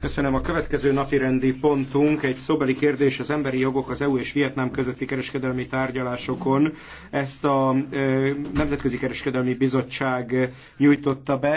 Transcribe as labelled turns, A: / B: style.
A: Köszönöm. A következő napirendi pontunk egy szóbeli kérdés az emberi jogok az EU és Vietnám közötti kereskedelmi tárgyalásokon. Ezt a Nemzetközi Kereskedelmi Bizottság nyújtotta be.